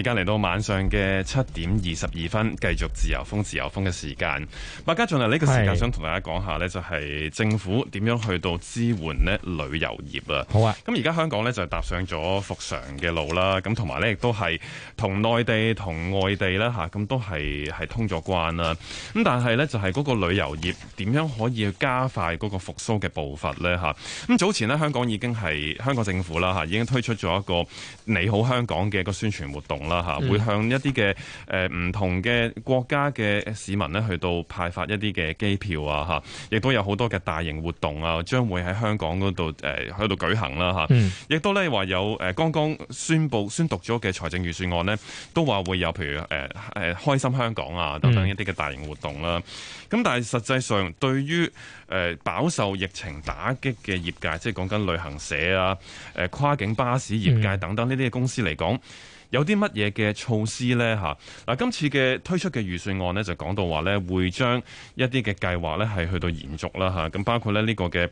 而家嚟到晚上嘅七點二十二分，繼續自由風自由風嘅時間，麥家俊啊，呢個時間是想同大家講一下咧，就係、是、政府點樣去到支援咧旅遊業啊。好啊，咁而家香港咧就踏上咗復常嘅路啦。咁同埋咧亦都係同內地同外地咧吓咁都係係通咗關啦。咁但係咧就係嗰個旅遊業點樣可以加快嗰個復甦嘅步伐咧吓，咁早前咧香港已經係香港政府啦吓已經推出咗一個你好香港嘅一個宣傳活動。啦會向一啲嘅，誒唔同嘅國家嘅市民咧，去到派發一啲嘅機票啊吓，亦都有好多嘅大型活動啊，將會喺香港嗰度誒喺度舉行啦、啊、吓。亦、嗯、都咧話有誒剛剛宣布宣讀咗嘅財政預算案咧，都話會有譬如誒誒、呃、開心香港啊等等一啲嘅大型活動啦、啊。咁但係實際上對於誒飽受疫情打擊嘅業界，即係講緊旅行社啊、誒、呃、跨境巴士業界等等呢啲嘅公司嚟講。嗯嗯有啲乜嘢嘅措施呢？嗱，今次嘅推出嘅預算案呢，就講到話呢會將一啲嘅計劃呢係去到延續啦。咁包括呢呢個嘅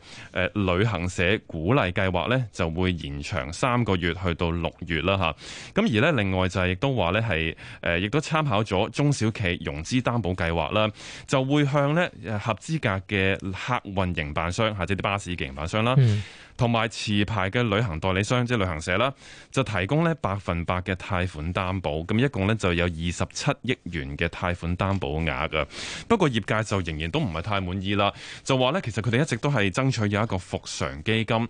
旅行社鼓勵計劃呢，就會延長三個月去到六月啦。咁而呢，另外就係亦都話呢係亦都參考咗中小企融資擔保計劃啦，就會向呢合資格嘅客運營辦商，或者啲巴士營辦商啦。嗯同埋持牌嘅旅行代理商即旅行社啦，就提供呢百分百嘅貸款擔保，咁一共呢就有二十七億元嘅貸款擔保額噶。不過業界就仍然都唔係太滿意啦，就話呢，其實佢哋一直都係爭取有一個復常基金。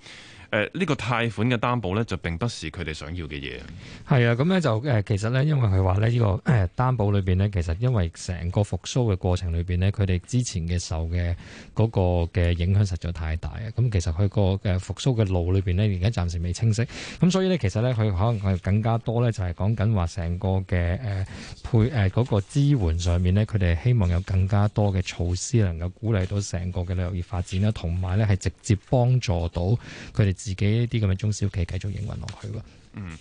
誒呢個貸款嘅擔保咧，就並不是佢哋想要嘅嘢。係啊，咁咧就誒、呃，其實咧，因為佢話咧，呢、這個誒擔、呃、保裏邊呢，其實因為成個復甦嘅過程裏邊呢，佢哋之前嘅受嘅嗰個嘅影響實在太大啊。咁其實佢個誒復甦嘅路裏邊呢，而家暫時未清晰。咁所以呢，其實呢，佢可能佢更加多咧，就係講緊話成個嘅誒、呃、配誒嗰、呃那個支援上面呢，佢哋希望有更加多嘅措施能夠鼓勵到成個嘅旅遊業發展啦，同埋呢係直接幫助到佢哋。自己一啲咁嘅中小企繼續營運落去喎。嗯。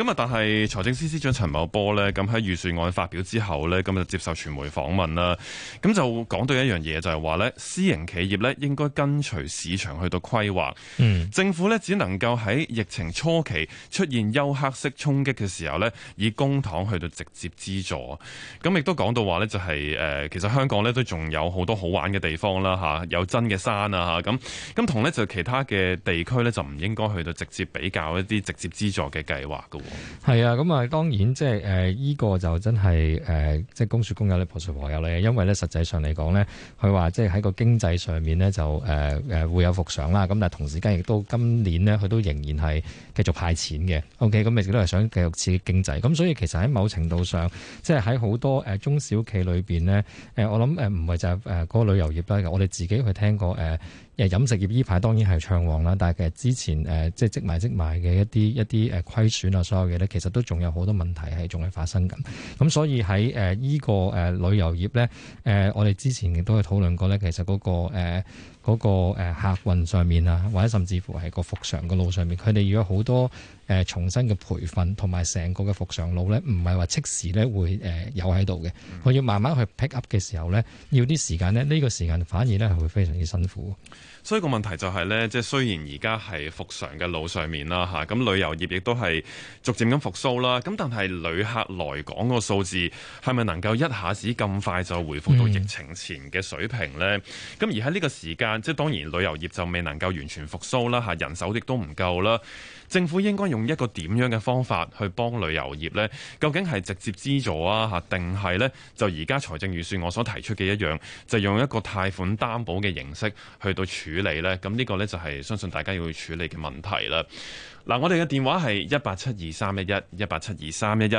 咁啊！但係財政司司長陳茂波呢，咁喺預算案發表之後呢，咁就接受傳媒訪問啦。咁就講到一樣嘢，就係話呢，私營企業呢應該跟隨市場去到規劃。嗯，政府呢，只能夠喺疫情初期出現休克式沖擊嘅時候呢，以公帑去到直接資助。咁亦都講到話呢，就係、是、誒，其實香港呢都仲有好多好玩嘅地方啦，吓有真嘅山啊，咁咁同呢就其他嘅地區呢，就唔應該去到直接比較一啲直接資助嘅計劃噶。係啊，咁啊，當然即係誒，依、呃這個就真係誒，即、呃、係公說公有理，婆說婆有理。因為咧，實際上嚟講咧，佢話即係喺個經濟上面咧，就誒誒會有復上啦。咁但係同時間也，跟亦都今年咧，佢都仍然係繼續派錢嘅。O K，咁亦都係想繼續刺激經濟。咁所以其實喺某程度上，即係喺好多誒中小企裏邊咧，誒、呃，我諗誒唔係就係誒嗰個旅遊業啦。我哋自己去聽過誒。呃誒，飲食業依排當然係暢旺啦，但係其實之前即係積埋積埋嘅一啲一啲誒虧損啊，所有嘢咧，其實都仲有好多問題係仲係發生緊。咁所以喺誒依個誒旅遊業咧，我哋之前亦都係討論過咧，其實嗰、嗰個嗰個誒客運上面啊，或者甚至乎係個復常嘅路上面，佢哋要有好多誒重新嘅培訓同埋成個嘅復常路咧，唔係話即時咧會誒有喺度嘅，佢、嗯、要慢慢去 pick up 嘅時候咧，要啲時間咧，呢、呢個時間反而咧係會非常之辛苦。所以個問題就係、是、咧，即係雖然而家係復常嘅路上面啦吓，咁旅遊業亦都係逐漸咁復蘇啦，咁但係旅客來港個數字係咪能夠一下子咁快就回復到疫情前嘅水平咧？咁、嗯、而喺呢個時間。即係當然，旅遊業就未能夠完全復甦啦吓，人手亦都唔夠啦。政府應該用一個點樣嘅方法去幫旅遊業呢？究竟係直接資助啊？嚇，定係呢？就而家財政預算我所提出嘅一樣，就用一個貸款擔保嘅形式去到處理呢。咁呢個呢，就係相信大家要去處理嘅問題啦。嗱，我哋嘅電話係一八七二三一一一八七二三一一，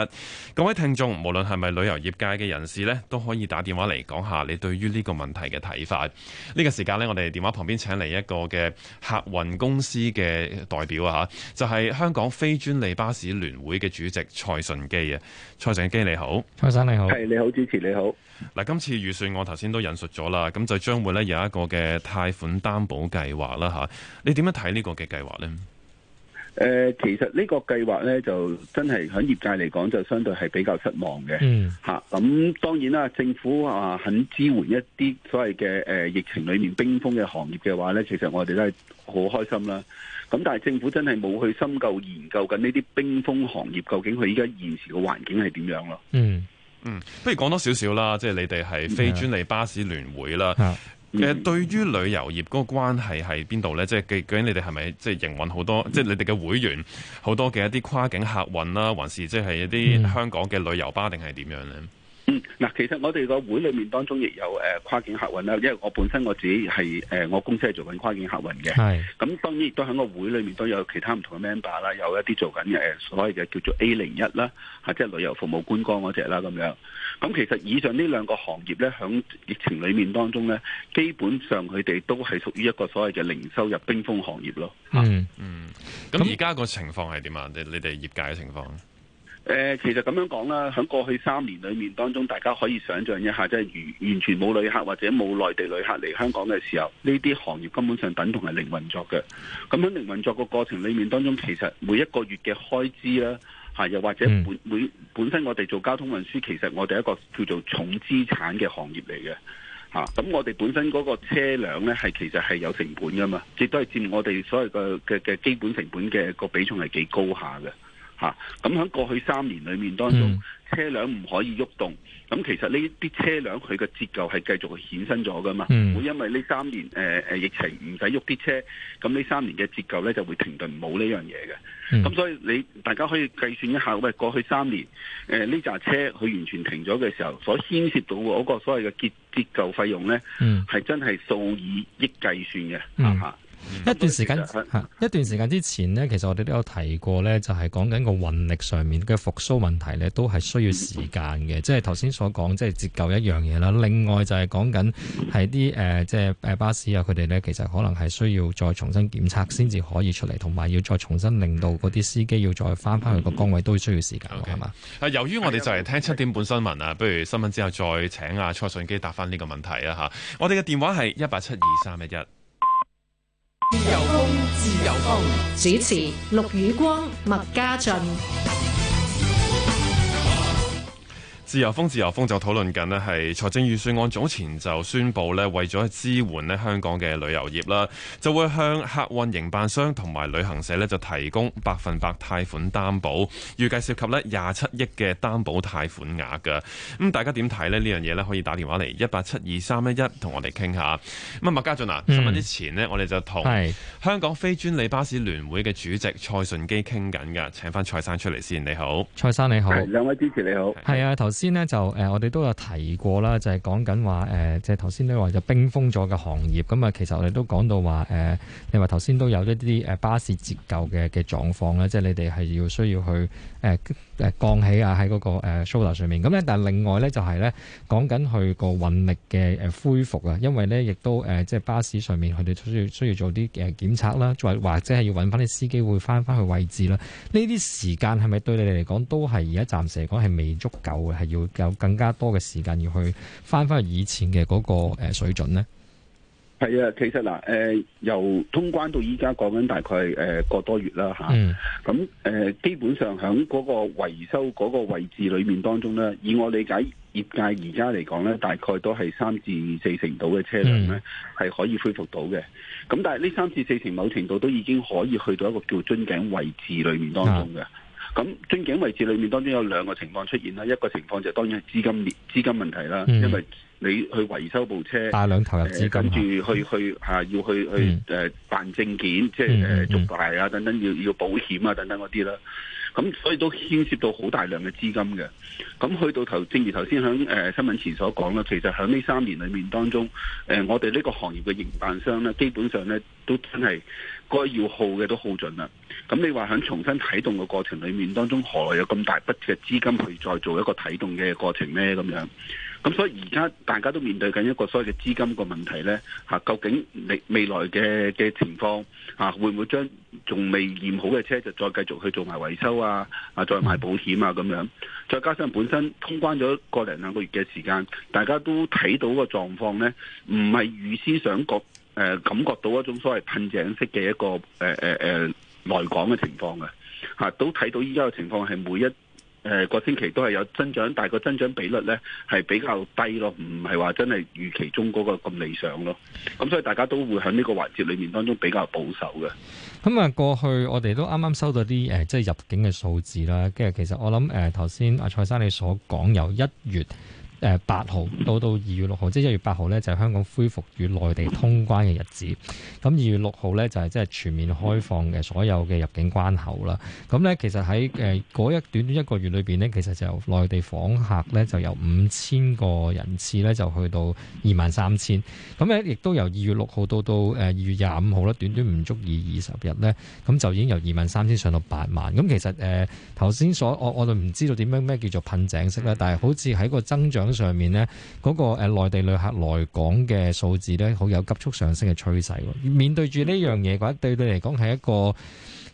各位聽眾無論係咪旅遊業界嘅人士呢，都可以打電話嚟講下你對於呢個問題嘅睇法。呢、呢個時間呢，我哋電話旁邊請嚟一個嘅客運公司嘅代表啊！嚇。就係香港非專利巴士聯會嘅主席蔡順基啊，蔡順基你好，蔡生你好，係你好，主持你好，嗱，今次預算我頭先都引述咗啦，咁就將會咧有一個嘅貸款擔保計劃啦吓，你點樣睇呢個嘅計劃呢？誒、呃，其實呢個計劃呢，就真係喺業界嚟講，就相對係比較失望嘅，吓咁、嗯啊、當然啦，政府啊肯支援一啲所謂嘅誒疫情裏面冰封嘅行業嘅話呢，其實我哋都係好開心啦。咁、啊、但係政府真係冇去深究研究緊呢啲冰封行業，究竟佢依家現時嘅環境係點樣咯？嗯嗯，不如講多少少啦，即係你哋係非專利巴士聯會啦。嗯嗯嗯其實對於旅遊業嗰個關係係邊度咧？即係究竟你哋係咪即係營運好多，即係你哋嘅會員好多嘅一啲跨境客運啦，還是即係一啲香港嘅旅遊巴定係點樣咧？嗱、嗯，其實我哋個會裏面當中亦有誒、呃、跨境客運啦，因為我本身我自己係誒、呃、我公司係做緊跨境客運嘅，係是，咁當然亦都喺個會裏面都有其他唔同嘅 member 啦，有一啲做緊嘅所謂嘅叫做 A 零一啦，吓即係旅遊服務觀光嗰隻啦，咁樣，咁其實以上呢兩個行業咧，響疫情裏面當中咧，基本上佢哋都係屬於一個所謂嘅零收入冰封行業咯。嗯嗯，咁而家個情況係點啊？你你哋業界嘅情況？誒，其實咁樣講啦，喺過去三年裏面當中，大家可以想象一下，即係完完全冇旅客，或者冇內地旅客嚟香港嘅時候，呢啲行業根本上等同係零運作嘅。咁喺零運作個過程裏面當中，其實每一個月嘅開支啦，又或者每本、本身我哋做交通運輸，其實我哋一個叫做重資產嘅行業嚟嘅。吓咁我哋本身嗰個車輛咧，係其實係有成本噶嘛，亦都係佔我哋所謂嘅嘅嘅基本成本嘅個比重係幾高下嘅。咁喺、啊、過去三年裏面當中，車輛唔可以喐動，動，咁、嗯、其實呢啲車輛佢嘅折舊係繼續衍生咗噶嘛？會、嗯、會因為呢三年誒、呃、疫情唔使喐啲車，咁呢三年嘅折舊咧就會停頓冇呢樣嘢嘅。咁、嗯、所以你大家可以計算一下，喂，過去三年誒呢揸車佢完全停咗嘅時候，所牽涉到嗰個所謂嘅折折舊費用咧，係、嗯、真係數以億計算嘅，嗯嗯嗯、一段時間吓，一段時間之前咧，其實我哋都有提過呢就係講緊個運力上面嘅復蘇問題呢都係需要時間嘅。即係頭先所講，即係折舊一樣嘢啦。另外就係講緊係啲誒，即係巴士啊，佢哋呢其實可能係需要再重新檢測先至可以出嚟，同埋要再重新令到嗰啲司機要再翻翻去個崗位，都需要時間係嘛。Okay, 吧由於我哋就嚟聽七點半新聞啊，Okay. 不如新聞之後再請阿蔡順基答翻呢個問題啦吓。我哋嘅電話係一八七二三一一。自由風，自由風。主持：陸宇光、麥家俊。自由風，自由風就討論緊咧，係財政預算案早前就宣布咧，為咗支援香港嘅旅遊業啦，就會向客運營辦商同埋旅行社就提供百分百貸款擔保，預計涉及咧廿七億嘅擔保貸款額嘅。咁大家點睇呢？呢樣嘢呢，可以打電話嚟一八七二三一一，同我哋傾下。咁啊，麥家俊啊，十分之前呢我哋就同香港非專利巴士聯會嘅主席蔡順基傾緊㗎，是請翻蔡生出嚟先。你好，蔡生你好，兩位主持你好，係啊，首先呢，就誒、呃、我哋都有提過啦，就係講緊話誒即係頭先呢話就是、冰封咗嘅行業，咁、嗯、啊，其實我哋都講到話誒、呃、你話頭先都有一啲誒巴士折舊嘅嘅狀況啦，即係你哋係要需要去誒誒、呃呃、降起啊，喺嗰、那個誒、呃、solar 上面。咁咧，但係另外咧就係咧講緊去個運力嘅誒恢復啊，因為咧亦都誒即係巴士上面佢哋需要需要做啲誒、呃、檢測啦，或或者係要揾翻啲司機會翻翻去位置啦。呢啲時間係咪對你哋嚟講都係而家暫時嚟講係未足夠嘅？係。要有更加多嘅時間要去翻翻以前嘅嗰個誒水準咧。係啊，其實嗱，誒、呃、由通關到依家講緊大概誒個、呃、多月啦吓。咁誒、嗯啊呃、基本上響嗰個維修嗰個位置裏面當中咧，以我理解業界而家嚟講咧，大概都係三至四成度嘅車輛咧係可以恢復到嘅。咁但係呢三至四成某程度都已經可以去到一個叫樽頸位置裏面當中嘅。咁樽頸位置裏面當中有兩個情況出現啦，一個情況就係、當然係資金資金問題啦，嗯、因為你去維修部車，大量投入資金，跟住、呃、去去、啊、要去去誒、呃、辦證件，嗯、即係誒續牌啊等等，要要保險啊等等嗰啲啦。咁所以都牽涉到好大量嘅資金嘅。咁去到頭，正如頭先響誒新聞前所講啦，其實喺呢三年裏面當中，誒、呃、我哋呢個行業嘅營辦商咧，基本上咧都真係。個要耗嘅都耗盡啦，咁你話喺重新啓動嘅過程裡面當中，何來有咁大筆嘅資金去再做一個啓動嘅過程咧？咁樣，咁所以而家大家都面對緊一個所謂嘅資金個問題呢。嚇、啊、究竟你未，未來嘅嘅情況嚇、啊、會唔會將仲未驗好嘅車就再繼續去做埋維修啊啊，再買保險啊咁樣，再加上本身通關咗個零兩個月嘅時間，大家都睇到個狀況呢，唔係如思想覺。誒、呃，感覺到一種所謂噴井式嘅一個誒誒誒來港嘅情況嘅，吓、啊、都睇到依家嘅情況係每一誒個星期都係有增長，但係個增長比率咧，係比較低咯唔係話真係預期中嗰個咁理想咯。咁、嗯、所以大家都會喺呢個環節裏面當中比較保守嘅。咁啊，過去我哋都啱啱收到啲誒、呃，即係入境嘅數字啦。跟住，其實我諗誒，頭、呃啊、先阿蔡生你所講有一月。誒八號到到二月六號，即係一月八號呢，就係香港恢復與內地通關嘅日子。咁二月六號呢，就係即係全面開放嘅所有嘅入境關口啦。咁呢，其實喺誒嗰一短短一個月裏邊呢，其實就由內地訪客呢，就由五千個人次呢，就去到二萬三千。咁呢，亦都由二月六號到到誒二月廿五號咧，短短唔足二二十日呢，咁就已經由二萬三千上到八萬。咁其實誒頭先所我我就唔知道點樣咩叫做噴井式啦，但係好似喺個增長。上面呢，嗰、那個誒內地旅客來港嘅數字呢，好有急速上升嘅趨勢。面對住呢樣嘢，嘅話對你嚟講係一個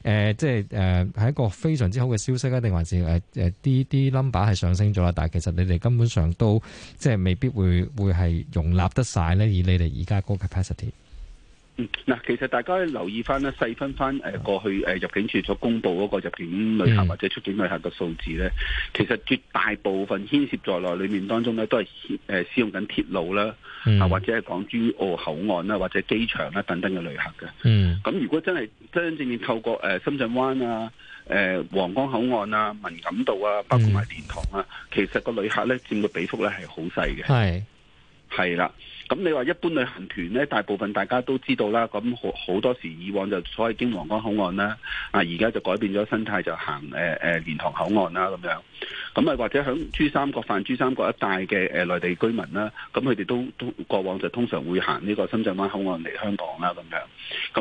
誒，即係誒，係、就是呃、一個非常之好嘅消息，定還是誒誒啲啲 number 係上升咗啦？但係其實你哋根本上都即係、就是、未必會會係容納得晒呢，以你哋而家個 capacity。嗱，其實大家可以留意翻咧，細分翻誒過去誒入境處所公布嗰個入境旅客或者出境旅客嘅數字咧，嗯、其實絕大部分牽涉在內裡面當中咧，都係誒使用緊鐵路啦，啊、嗯、或者係港珠澳口岸啦，或者機場啦等等嘅旅客嘅。咁、嗯、如果真係真正面透過誒深圳灣啊、誒皇崗口岸啊、文錦渡啊，包括埋蓮塘啊，嗯、其實個旅客咧佔嘅比幅咧係好細嘅，係係啦。咁你話一般旅行團咧，大部分大家都知道啦。咁好好多時以往就所謂經皇崗口岸啦，啊而家就改變咗生態，就行誒誒、啊啊、蓮塘口岸啦咁樣。咁啊或者響珠三角泛珠三角一帶嘅、啊、內地居民啦，咁佢哋都，都過往就通常會行呢個深圳灣口岸嚟香港啦咁樣。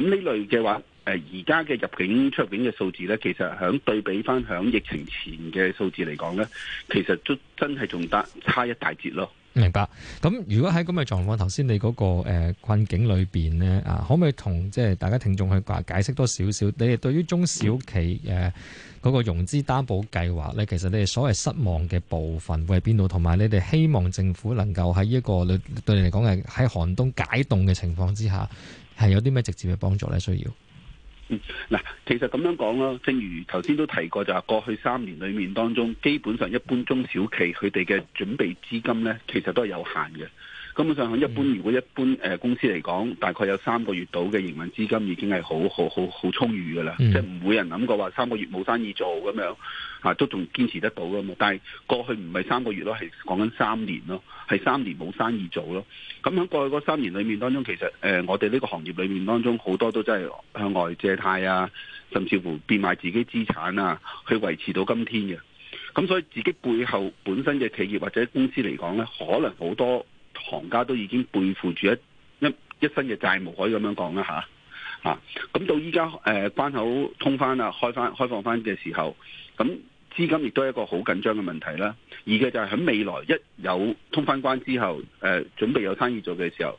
咁呢類嘅話，而家嘅入境出入境嘅數字咧，其實響對比翻響疫情前嘅數字嚟講咧，其實都真係仲得差一大截咯。明白。咁如果喺咁嘅狀況，頭先你嗰個誒困境裏邊咧，啊，可唔可以同即係大家聽眾去解釋多少少？你哋對於中小企誒嗰個融資擔保計劃咧，其實你哋所謂失望嘅部分會喺邊度？同埋你哋希望政府能夠喺依一個對你嚟講嘅喺寒冬解凍嘅情況之下，係有啲咩直接嘅幫助咧？需要？嗯，嗱，其實咁樣講啦，正如頭先都提過，就是，就係過去三年裏面當中，基本上一般中小企佢哋嘅準備資金咧，其實都係有限嘅。根本上，喺一般如果一般公司嚟講，大概有三個月到嘅營運資金已經係好好好好充裕嘅啦，嗯、即係唔會人諗過話三個月冇生意做咁樣，都仲堅持得到啦嘛。但係過去唔係三個月咯，係講緊三年咯，係三年冇生意做咯。咁響過去嗰三年裏面當中，其實誒、呃、我哋呢個行業裏面當中好多都真係向外借貸啊，甚至乎變賣自己資產啊，去維持到今天嘅。咁所以自己背後本身嘅企業或者公司嚟講咧，可能好多。行家都已經背負住一一一身嘅債務，可以咁樣講啦吓，啊！咁、啊、到依家誒關口通翻啦，開翻開放翻嘅時候，咁資金亦都係一個好緊張嘅問題啦。而嘅就係喺未來一有通翻關之後，誒、呃、準備有生意做嘅時候，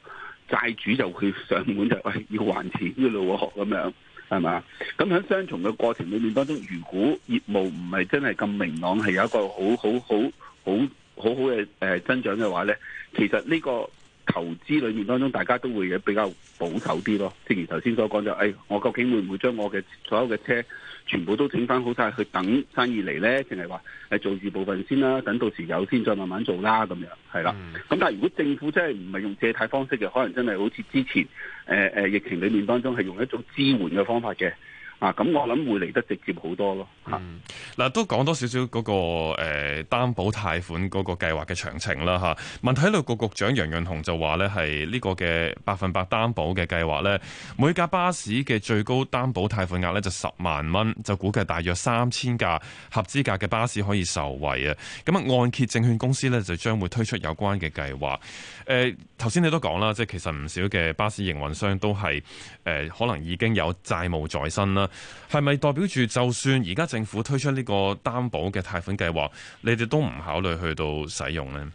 債主就會上門就喂，要還錢嘅咯喎，咁樣係咪？咁喺雙重嘅過程裡面當中，如果業務唔係真係咁明朗，係有一個好好好好。好好嘅誒增長嘅話呢，其實呢個投資裏面當中，大家都會比較保守啲咯。正如頭先所講就，誒、哎、我究竟會唔會將我嘅所有嘅車全部都整翻好晒去等生意嚟呢？定係話做住部分先啦，等到時有先再慢慢做啦咁樣，係啦。咁、嗯、但係如果政府真係唔係用借貸方式嘅，可能真係好似之前、呃、疫情裏面當中係用一種支援嘅方法嘅。啊，咁我諗會嚟得直接好多咯。吓、嗯、嗱、啊、都講多少少嗰個誒擔、呃、保貸款嗰個計劃嘅詳情啦，吓、啊。文體局局長楊潤雄就話咧，係呢個嘅百分百擔保嘅計劃咧，每架巴士嘅最高擔保貸款額咧就十萬蚊，就估計大約三千架合資格嘅巴士可以受惠啊。咁啊，按揭證券公司咧就將會推出有關嘅計劃。誒、啊，頭先你都講啦，即係其實唔少嘅巴士營運商都係誒、呃、可能已經有債務在身啦。係咪代表住就算而家政府推出呢個擔保嘅貸款計劃，你哋都唔考慮去到使用呢？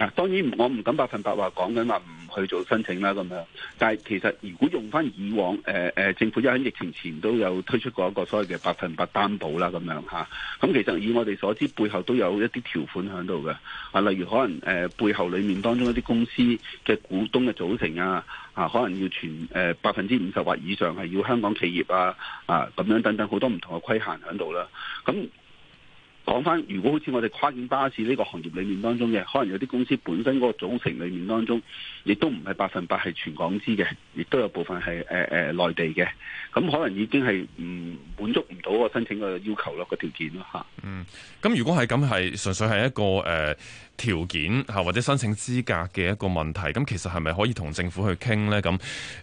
嗱，當然我唔敢百分百話講緊話唔去做申請啦咁樣，但係其實如果用翻以往、呃、政府一喺疫情前都有推出過一個所謂嘅百分百擔保啦咁樣咁、啊嗯、其實以我哋所知，背後都有一啲條款喺度嘅，啊，例如可能、呃、背後裏面當中一啲公司嘅股東嘅組成啊，啊，可能要全、呃、百分之五十或以上係要香港企業啊，啊咁樣等等好多唔同嘅規限喺度啦，咁、啊。嗯講翻，如果好似我哋跨境巴士呢個行業裏面當中嘅，可能有啲公司本身個組成裏面當中，亦都唔係百分百係全港資嘅，亦都有部分係誒誒內地嘅，咁可能已經係唔滿足唔到個申請個要求咯，個條件咯吓。嗯，咁如果係咁，係純粹係一個誒。呃條件下或者申請資格嘅一個問題，咁其實係咪可以同政府去傾呢？咁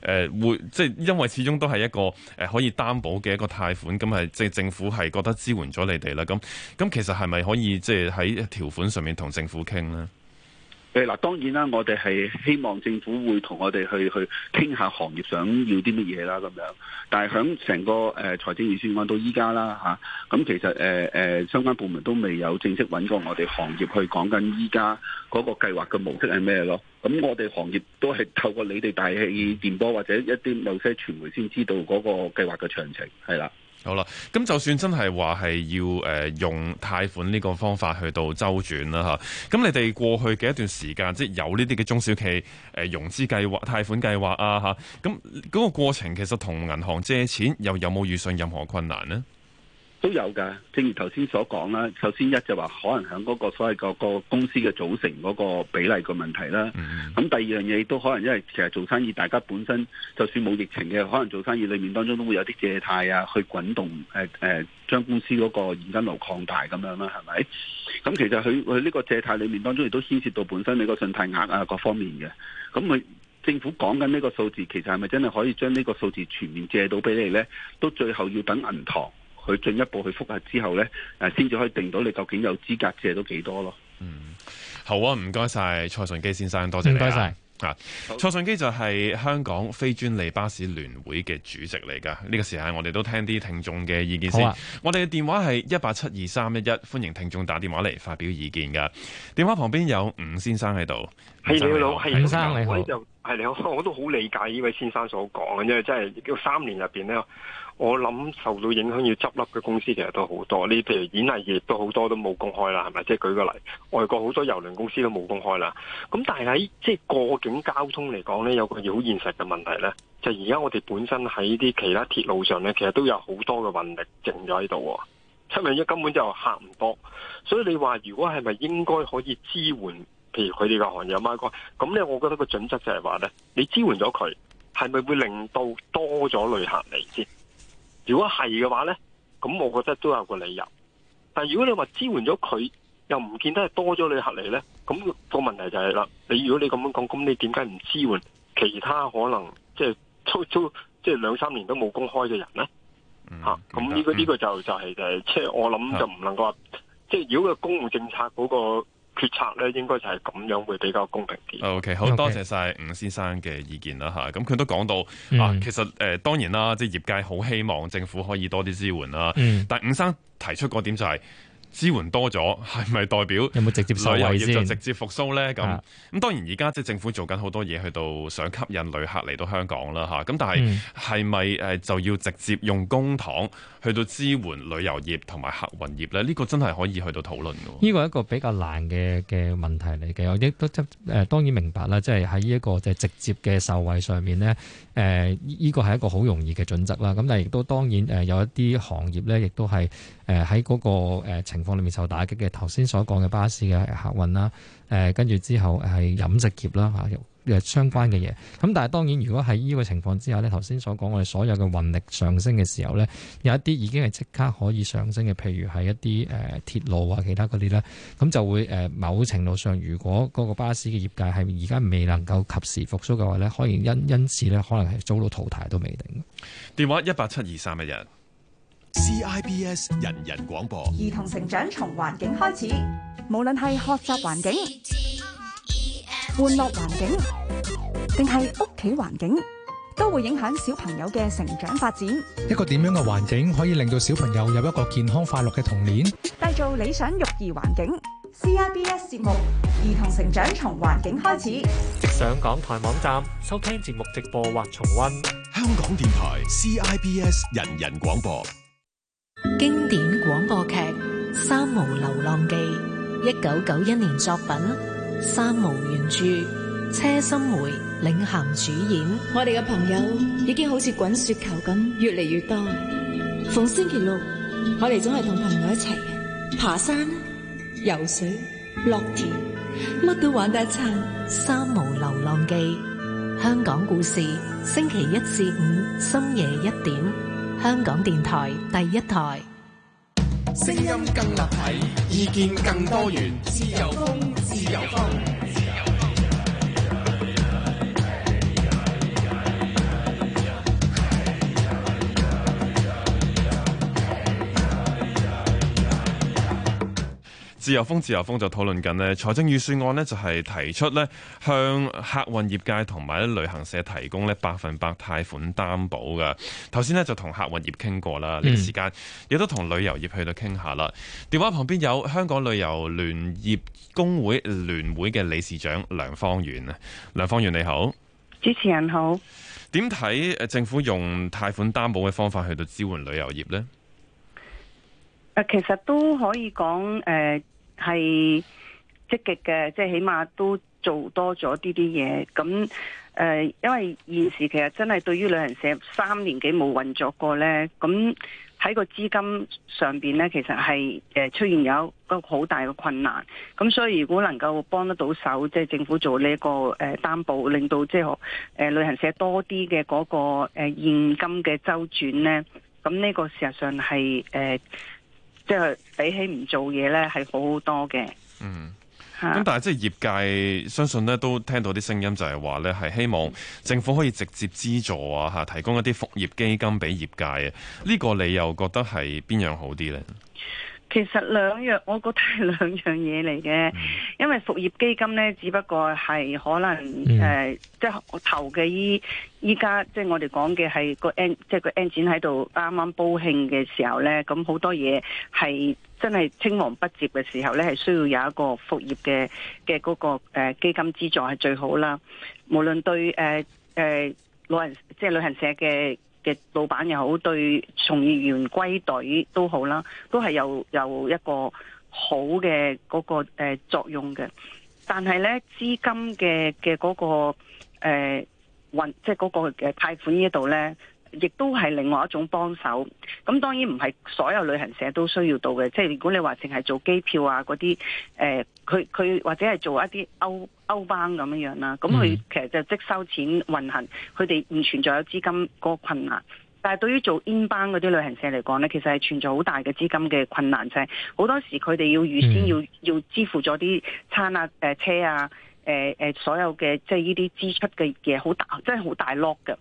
誒會即係因為始終都係一個誒可以擔保嘅一個貸款，咁係即係政府係覺得支援咗你哋啦。咁咁其實係咪可以即係喺條款上面同政府傾呢？誒、嗱，當然啦，我哋係希望政府會同我哋去去傾下行業想要啲乜嘢啦咁樣。但係響成個誒、呃、財政預算案到依家啦嚇，咁、啊啊、其實誒誒、呃呃、相關部門都未有正式揾過我哋行業去講緊依家嗰個計劃嘅模式係咩咯？咁我哋行業都係透過你哋大氣電波或者一啲某些傳媒先知道嗰個計劃嘅詳情，係啦。好啦，咁就算真係話係要誒用貸款呢個方法去到周轉啦吓，咁你哋過去嘅一段時間，即係有呢啲嘅中小企誒融資計劃、貸款計劃啊吓，咁嗰個過程其實同銀行借錢又有冇遇上任何困難呢？都有噶，正如頭先所講啦。首先一就話可能喺嗰個所謂個公司嘅組成嗰個比例嘅問題啦。咁、mm hmm. 第二樣嘢亦都可能因為其實做生意，大家本身就算冇疫情嘅，可能做生意裏面當中都會有啲借貸啊，去滾動誒誒，將、呃呃、公司嗰個現金流擴大咁樣啦，係咪？咁其實佢佢呢個借貸裏面當中亦都牽涉到本身你個信貸額啊各方面嘅。咁佢政府講緊呢個數字，其實係咪真係可以將呢個數字全面借到俾你呢？都最後要等銀行。佢進一步去複核之後咧，誒先至可以定到你究竟有資格借到幾多咯。嗯，好啊，唔該晒，蔡順基先生，多謝你。唔該曬啊，蔡順基就係香港非專利巴士聯會嘅主席嚟噶。呢個時間我哋都聽啲聽眾嘅意見先。啊、我哋嘅電話係一八七二三一一，歡迎聽眾打電話嚟發表意見噶。電話旁邊有伍先生喺度，係你好，係伍先生，你好。就係你好，我都好理解呢位先生所講，因為真係叫三年入邊咧。我諗受到影響要執笠嘅公司其實都好多，你譬如演藝業都好多都冇公開啦，係咪？即係舉個例，外國好多郵輪公司都冇公開啦。咁但係喺即係過境交通嚟講呢，有個好現實嘅問題呢，就係而家我哋本身喺啲其他鐵路上呢，其實都有好多嘅運力剩咗喺度，七零一根本就客唔多。所以你話如果係咪應該可以支援，譬如佢哋個行業孖骨，咁呢我覺得個準則就係話呢，你支援咗佢，係咪會令到多咗旅客嚟先？如果係嘅話咧，咁我覺得都有個理由。但係如果你話支援咗佢，又唔見得係多咗旅客嚟咧，咁、那個問題就係、是、啦。你如果你咁樣講，咁你點解唔支援其他可能、就是、超超即係初初即係兩三年都冇公開嘅人咧？吓、嗯、咁呢、啊這個呢、嗯、個就是、就係、是、就係，的即係我諗就唔能夠話即係如果個公共政策嗰、那個。決策咧應該就係咁樣會比較公平啲。OK，好多謝晒伍先生嘅意見啦嚇，咁佢 Okay. 都講到、嗯、啊，其實誒、呃、當然啦，即係業界好希望政府可以多啲支援啦。嗯、但係伍生提出個點就係、是。支援多咗，係咪代表有冇直接受惠旅遊業就直接復甦咧？咁咁、嗯、當然而家即係政府做緊好多嘢，去到想吸引旅客嚟到香港啦，嚇！咁但係係咪誒就要直接用公帑去到支援旅遊業同埋客運業咧？呢、呢個真係可以去到討論。呢個係一個比較難嘅嘅問題嚟嘅。我亦都誒當然明白啦，即係喺呢一個即係直接嘅受惠上面咧，誒呢個係一個好容易嘅準則啦。咁但係亦都當然誒有一啲行業咧，亦都係。誒喺嗰個情況裡面受打擊嘅，頭先所講嘅巴士嘅客運啦，誒跟住之後係飲食業啦嚇，相關嘅嘢。咁但係當然，如果喺呢個情況之下呢，頭先所講我哋所有嘅運力上升嘅時候呢，有一啲已經係即刻可以上升嘅，譬如係一啲誒鐵路啊，其他嗰啲咧，咁就會誒某程度上，如果嗰個巴士嘅業界係而家未能夠及時復甦嘅話呢，可能因因此呢，可能係遭到淘汰都未定。電話一八七二三一一。CIBS 人人廣播，兒童成長從環境開始。無論係學習環境、玩樂環境，定係屋企環境，都會影響小朋友嘅成長發展。一個點樣嘅環境可以令到小朋友有一個健康快樂嘅童年？締造理想育兒環境。CIBS 節目，兒童成長從環境開始。直上港台網站收聽節目直播或重溫。香港電台 CIBS 人人廣播。經典廣播劇《三毛流浪記》，一九九一年作品，三毛原著，車心梅領銜主演。我哋嘅朋友已經好似滾雪球咁，越嚟越多。逢星期六，我哋總係同朋友一齊爬山、游水、落田，乜都玩得一餐。《三毛流浪記》，香港故事，星期一至五深夜一點。香港電台第一台，聲音更立體，意見更多元，自由風，自由風。自由風，自由風就討論緊咧，財政預算案咧就係提出咧向客運業界同埋旅行社提供咧百分百貸款擔保噶。頭先咧就同客運業傾過啦，呢個、嗯、時間亦都同旅遊業去到傾下啦。電話旁邊有香港旅遊聯業工會聯會嘅理事長梁芳遠啊，梁芳遠你好，主持人好。點睇政府用貸款擔保嘅方法去到支援旅遊業呢？其實都可以講誒。呃係積極嘅，即係、就是、起碼都做多咗啲啲嘢。咁誒、呃，因為現時其實真係對於旅行社三年幾冇運作過呢，咁喺個資金上邊呢，其實係誒出現有一個好大嘅困難。咁所以如果能夠幫得到手，即、就、係、是、政府做呢一個誒擔保，令到即係旅行社多啲嘅嗰個誒現金嘅周轉呢。咁呢個事實上係誒。呃即係比起唔做嘢咧，係好好多嘅。嗯，咁但係即係業界相信咧，都聽到啲聲音就係話咧，係希望政府可以直接資助啊，吓提供一啲復業基金俾業界嘅。呢、這個你又覺得係邊樣好啲咧？其實兩樣，我覺得係兩樣嘢嚟嘅，因為復業基金咧，只不過係可能誒、嗯、呃，即係我投嘅依依家，即係我哋講嘅係個 N，即係個 N 展喺度，啱啱煲興嘅時候咧，咁好多嘢係真係青黃不接嘅時候咧，係需要有一個復業嘅嘅嗰個誒基金資助係最好啦。無論對誒誒老人即係旅行社嘅。嘅老闆又好，對從業員歸隊都好啦，都係有有一個好嘅嗰、那個誒、呃、作用嘅。但係呢資金嘅嘅嗰個誒運、呃，即係嗰個嘅貸款呢一度呢，亦都係另外一種幫手。咁當然唔係所有旅行社都需要到嘅，即係如果你話淨係做機票啊嗰啲誒。佢佢或者係做一啲歐歐班咁樣樣啦，咁佢其實就即收錢運行，佢哋唔存在有資金嗰個困難，但係對於做 in 班嗰啲旅行社嚟講咧，其實係存在好大嘅資金嘅困難啫。就係好多時佢哋要預先要要支付咗啲餐啊、誒、呃、車啊、誒、呃、誒所有嘅即係呢啲支出嘅嘢，好大真係好大 lock 嘅。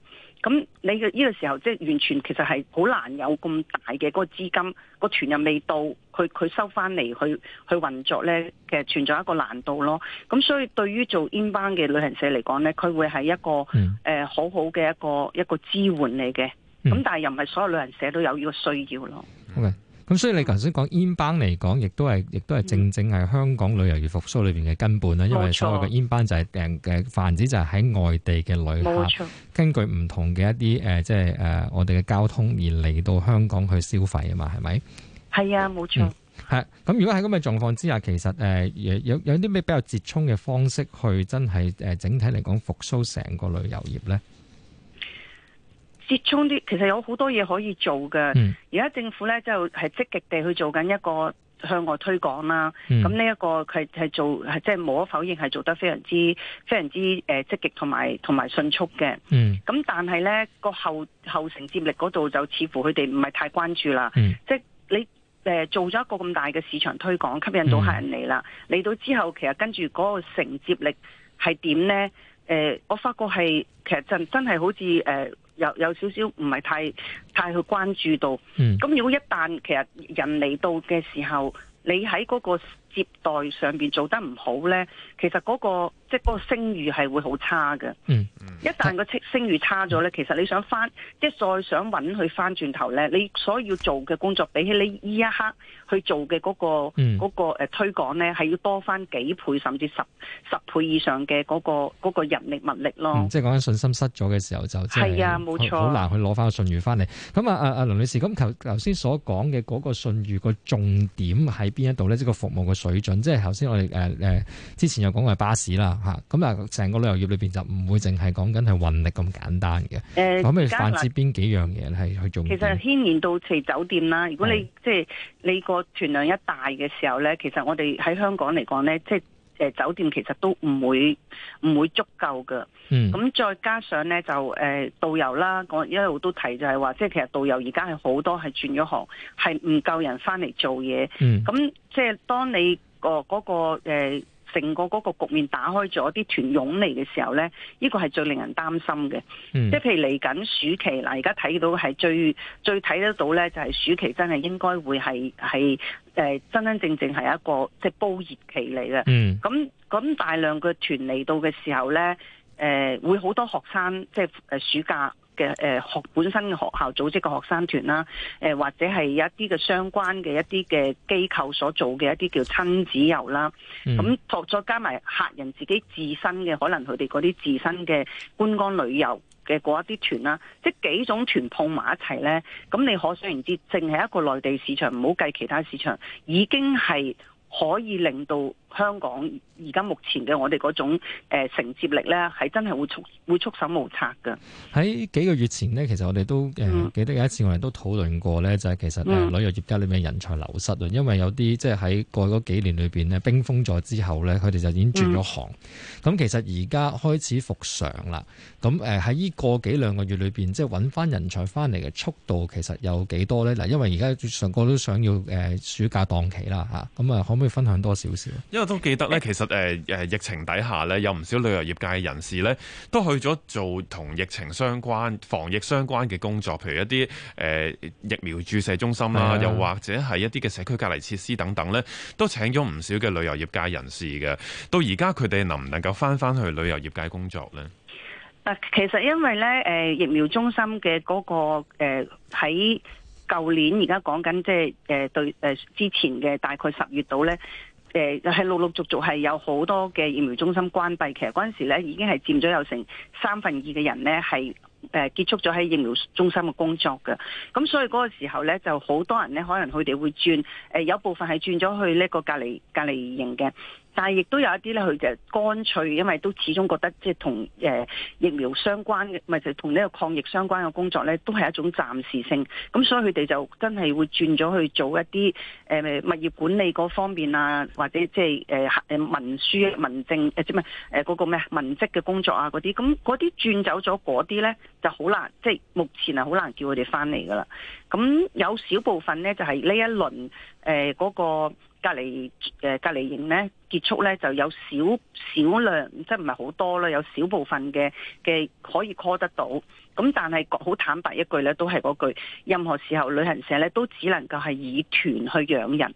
咁你嘅呢個時候即係完全其實係好難有咁大嘅嗰個資金，個團入未到，佢佢收翻嚟去去運作咧，其實存在一個難度咯。咁所以對於做 inbound 嘅旅行社嚟講咧，佢會係一個誒、呃、好好嘅一個一個支援嚟嘅。咁但係又唔係所有旅行社都有呢個需要咯。Okay. 咁所以你頭先講煙班嚟講，亦都係，亦都係正正係香港旅遊業復甦裏邊嘅根本啦。因為所謂嘅煙班就係誒泛指，錯就係喺外地嘅旅客。沒錯根據唔同嘅一啲誒、呃，即係誒、呃、我哋嘅交通而嚟到香港去消費啊嘛，係咪？係啊，冇錯。係、嗯。咁如果喺咁嘅狀況之下，其實誒、呃、有有啲咩比較折衷嘅方式去真係誒、呃、整體嚟講復甦成個旅遊業咧？接充啲，其實有好多嘢，可以做嘅。而家、嗯、政府咧就係、是、積極地去做緊一個向外推廣啦。咁呢一個佢係做，係即係無可否認係做得非常之非常之誒、呃、積極同埋同埋迅速嘅。咁、嗯、但係咧個後後承接力嗰度就似乎佢哋唔係太關注啦。嗯、即係你誒、呃、做咗一個咁大嘅市場推廣，吸引到客人嚟啦。嚟、嗯、到之後，其實跟住嗰個承接力係點咧？誒、呃，我發覺係其實真真係好似誒。呃有有少少唔係太太去關注到，咁、嗯、如果一旦其實人嚟到嘅時候，你喺嗰個接待上面做得唔好呢，其實嗰、嗰個。即係嗰個聲譽係會好差嘅，嗯嗯、一但個聲譽差咗咧，嗯、其實你想翻即係再想揾佢翻轉頭咧，你所要做嘅工作比起你依一刻去做嘅嗰、嗰個嗰、嗯、推廣咧，係要多翻幾倍甚至十十倍以上嘅嗰個嗰個人力物力咯。嗯、即係講緊信心失咗嘅時候就係，好難去攞翻、啊呃、個信譽翻嚟。咁啊啊梁女士，咁頭頭先所講嘅嗰個信譽個重點喺邊一度咧？即個個服務嘅水準。即係頭先我哋誒、呃、之前又講過巴士啦。吓，咁啊、嗯，成個旅遊業裏邊就唔會淨係講緊係運力咁簡單嘅，咁你、呃、在反思邊幾樣嘢係去做？其實牽連到除酒店啦，如果你、嗯、即係你個團量一大嘅時候咧，其實我哋喺香港嚟講咧，即係誒、呃、酒店其實都唔會唔會足夠㗎。嗯，咁再加上咧就誒、呃、導遊啦，我一路都提就係話，即係其實導遊而家係好多係轉咗行，係唔夠人翻嚟做嘢。咁、嗯、即係當你、個嗰、個誒。呃成個嗰個局面打開咗，啲團湧嚟嘅時候咧，呢、這個係最令人擔心嘅。即係、嗯、譬如嚟緊暑期嗱，而家睇到係最最睇得到咧，就係暑期真係應該會係係誒真真正正係一個即係煲熱期嚟嘅。咁咁、嗯、大量嘅團嚟到嘅時候咧，誒、呃、會好多學生即係誒暑假，嘅誒學本身嘅學校組織嘅學生團啦，誒或者係一啲嘅相關嘅一啲嘅機構所做嘅一啲叫親子遊啦，咁再、嗯、再加埋客人自己自身嘅可能佢哋嗰啲自身嘅觀光旅遊嘅嗰一啲團啦，即係幾種團碰埋一齊咧，咁你可想而知，淨係一個內地市場，唔好計其他市場，已經係可以令到。香港而家目前嘅我哋嗰種誒、呃、承接力咧，係真係會觸會束手無策噶。喺幾個月前咧，其實我哋都誒、呃、記得有一次我哋都討論過咧，嗯、就係其實、呃、旅遊業界裏面人才流失啊，因為有啲即係喺過去嗰幾年裏邊咧冰封咗之後咧，佢哋就已經轉咗行。咁、嗯、其實而家開始復常啦。咁誒喺呢個幾兩個月裏邊，即係揾翻人才翻嚟嘅速度，其實有幾多咧？嗱，因為而家上個都想要誒、呃、暑假檔期啦吓，咁啊可唔可以分享多少少？因為我都記得咧，其實誒誒、呃、疫情底下咧，有唔少旅遊業界人士咧，都去咗做同疫情相關、防疫相關嘅工作，譬如一啲誒、呃、疫苗注射中心啦、啊，又或者係一啲嘅社區隔離設施等等咧，都請咗唔少嘅旅遊業界人士嘅。到而家佢哋能唔能夠返返去旅遊業界工作咧？嗱，其實因為咧誒疫苗中心嘅嗰個喺舊年而家講緊即係誒對誒之前嘅大概十月度咧。誒就係陸陸續續係有好多嘅疫苗中心關閉，其實嗰陣時咧已經係佔咗有成三分二嘅人咧係誒結束咗喺疫苗中心嘅工作嘅，咁所以嗰個時候咧就好多人咧可能佢哋會轉誒有部分係轉咗去呢個隔離隔離營嘅。但係亦都有一啲咧，佢就係乾脆，因為都始終覺得即係同誒疫苗相關嘅，唔係就同、係、呢個抗疫相關嘅工作咧，都係一種暫時性。咁所以佢哋就真係會轉咗去做一啲誒、呃、物業管理嗰方面啊，或者即係誒文書、文政即係咪誒嗰個咩文職嘅工作啊嗰啲。咁嗰啲轉走咗嗰啲咧，就好難，即、就、係、係、目前啊，好難叫佢哋翻嚟噶啦。咁有少部分咧，就係、係、呢一輪誒嗰、呃嗰個。隔籬誒隔離營咧結束咧，就有少少量，即係唔係好多啦，有少部分嘅嘅可以 call 得到。咁但係好坦白一句咧，都係嗰句，任何時候旅行社咧都只能夠係以團去養人。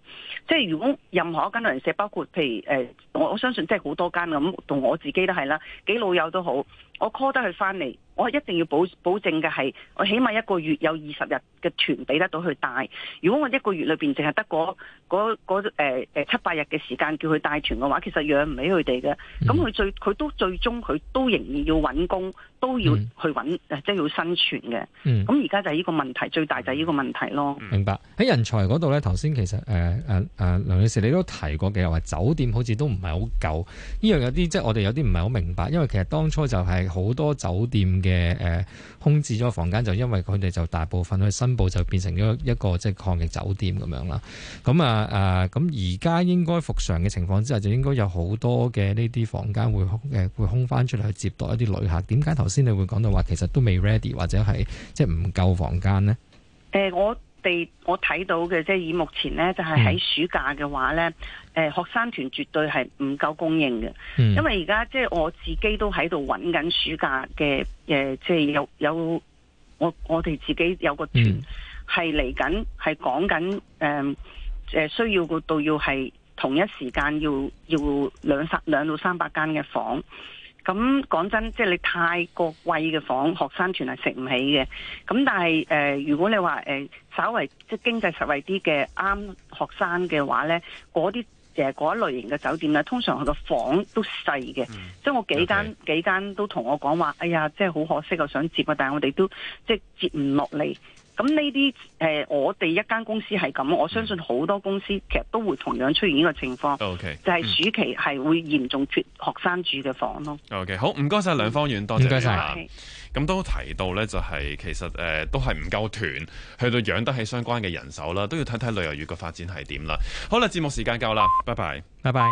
即係如果任何一間旅行社，包括譬如誒，我我相信即係好多間咁，同我自己都係啦，幾老友都好。我 call 得佢翻嚟，我一定要保保證嘅係，我起碼一個月有二十日嘅團俾得到佢帶。如果我一個月裏面淨係得嗰嗰嗰誒誒七八日嘅時間叫佢帶團嘅話，其實養唔起佢哋嘅。咁佢、嗯、最佢都最終佢都仍然要揾工，都要去揾，嗯、即係要生存嘅。咁而家就係呢個問題，最大就係呢個問題咯。明白。喺人才嗰度呢，頭先其實誒誒誒梁女士你都提過嘅，話酒店好似都唔係好夠。呢、這、樣、個、有啲即係我哋有啲唔係好明白，因為其實當初就係、是。好多酒店嘅誒、呃、空置咗房間，就因為佢哋就大部分去申報，就變成咗一個即係、就是、抗疫酒店咁樣啦。咁啊誒，咁而家應該復常嘅情況之下，就應該有好多嘅呢啲房間會空誒、呃，會空翻出嚟去接待一啲旅客。點解頭先你會講到話其實都未 ready 或者係即係唔夠房間呢？誒、呃、我。我哋我睇到嘅即係以目前咧就係喺暑假嘅話咧，誒、嗯、學生團絕對係唔夠供應嘅，嗯、因為而家即係我自己都喺度揾緊暑假嘅，誒，即係有有我我哋自己有個團係嚟緊係講緊誒誒需要個度要係同一時間要要兩三兩到三百間嘅房間。咁講真，即係你太過貴嘅房，學生團係食唔起嘅。咁但係誒、呃，如果你話誒、呃，稍為即係經濟實惠啲嘅啱學生嘅話咧，嗰啲誒嗰一類型嘅酒店咧，通常佢個房都細嘅。嗯、即係我幾間 Okay. 幾間都同我講話，哎呀，即係好可惜我想接啊，但係我哋都即係接唔落嚟。咁呢啲誒，我哋一間公司係咁，我相信好多公司其實都會同樣出現呢個情況。O Okay . K，就係暑期係會嚴重缺學生住嘅房咯。O、okay. K，好，唔該晒，梁芳遠多謝你咁、啊、Okay. 咁都提到呢，就係、是、其實誒、呃、都係唔夠團，去到養得起相關嘅人手啦，都要睇睇旅遊業嘅發展係點啦。好啦，節目時間夠啦，拜拜，拜拜。